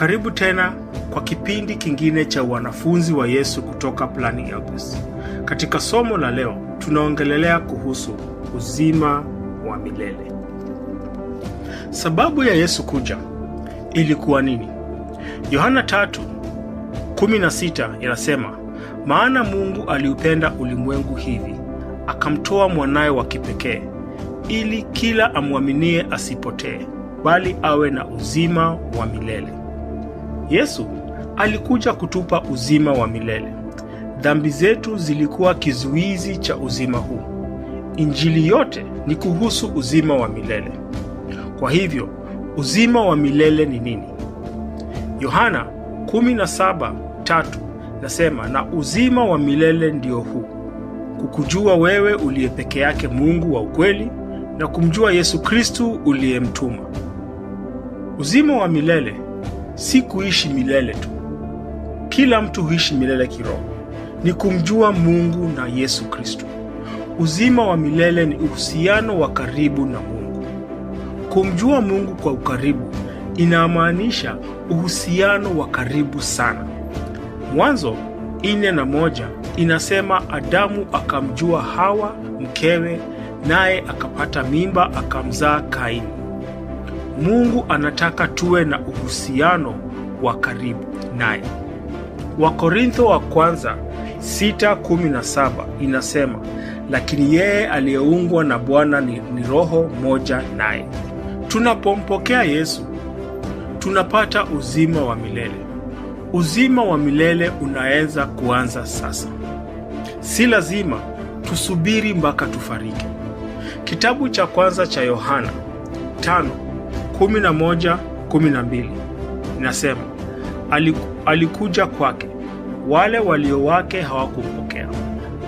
Karibu tena kwa kipindi kingine cha wanafunzi wa Yesu kutoka Plani Elpis. Katika somo la leo tunaongelelea kuhusu uzima wa milele. Sababu ya Yesu kuja ilikuwa nini? Yohana 3:16 inasema, maana Mungu aliupenda ulimwengu hivi akamtoa mwanaye wa kipekee ili kila amwaminie asipotee bali awe na uzima wa milele. Yesu alikuja kutupa uzima wa milele. Dhambi zetu zilikuwa kizuizi cha uzima huu. Injili yote ni kuhusu uzima wa milele. Kwa hivyo, uzima wa milele ni nini? Yohana 17:3 nasema, na uzima wa milele ndio huu, kukujua wewe uliye peke yake Mungu wa ukweli na kumjua Yesu Kristu uliyemtuma. Uzima wa milele si kuishi milele tu. Kila mtu huishi milele kiroho, ni kumjua Mungu na Yesu Kristo. Uzima wa milele ni uhusiano wa karibu na Mungu. Kumjua Mungu kwa ukaribu inamaanisha uhusiano wa karibu sana. Mwanzo ine na moja inasema Adamu akamjua Hawa mkewe, naye akapata mimba akamzaa Kaini. Mungu anataka tuwe na uhusiano wa karibu naye. Wakorintho wa kwanza 6:17 inasema, lakini yeye aliyeungwa na Bwana ni, ni roho moja naye. Tunapompokea Yesu tunapata uzima wa milele. Uzima wa milele unaweza kuanza sasa, si lazima tusubiri mpaka tufariki. Kitabu cha kwanza cha Yohana tano 11:12 inasema alikuja kwake, wale walio wake hawakumpokea,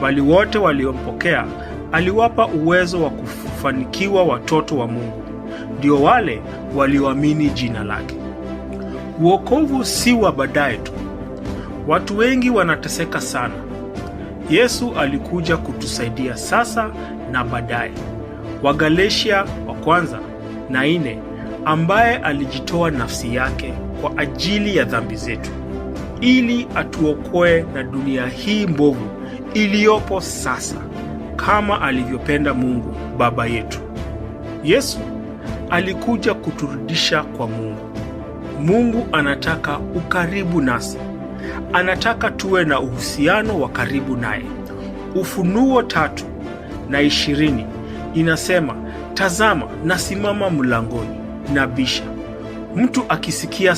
bali wote waliompokea aliwapa uwezo wa kufanikiwa watoto wa Mungu, ndio wale walioamini jina lake. Uokovu si wa baadaye tu. Watu wengi wanateseka sana. Yesu alikuja kutusaidia sasa na baadaye. Wagalatia wa kwanza na ine ambaye alijitoa nafsi yake kwa ajili ya dhambi zetu ili atuokoe na dunia hii mbovu iliyopo sasa, kama alivyopenda Mungu Baba yetu. Yesu alikuja kuturudisha kwa Mungu. Mungu anataka ukaribu nasi, anataka tuwe na uhusiano wa karibu naye. Ufunuo tatu na ishirini inasema, tazama nasimama mlangoni na bisha. Mtu akisikia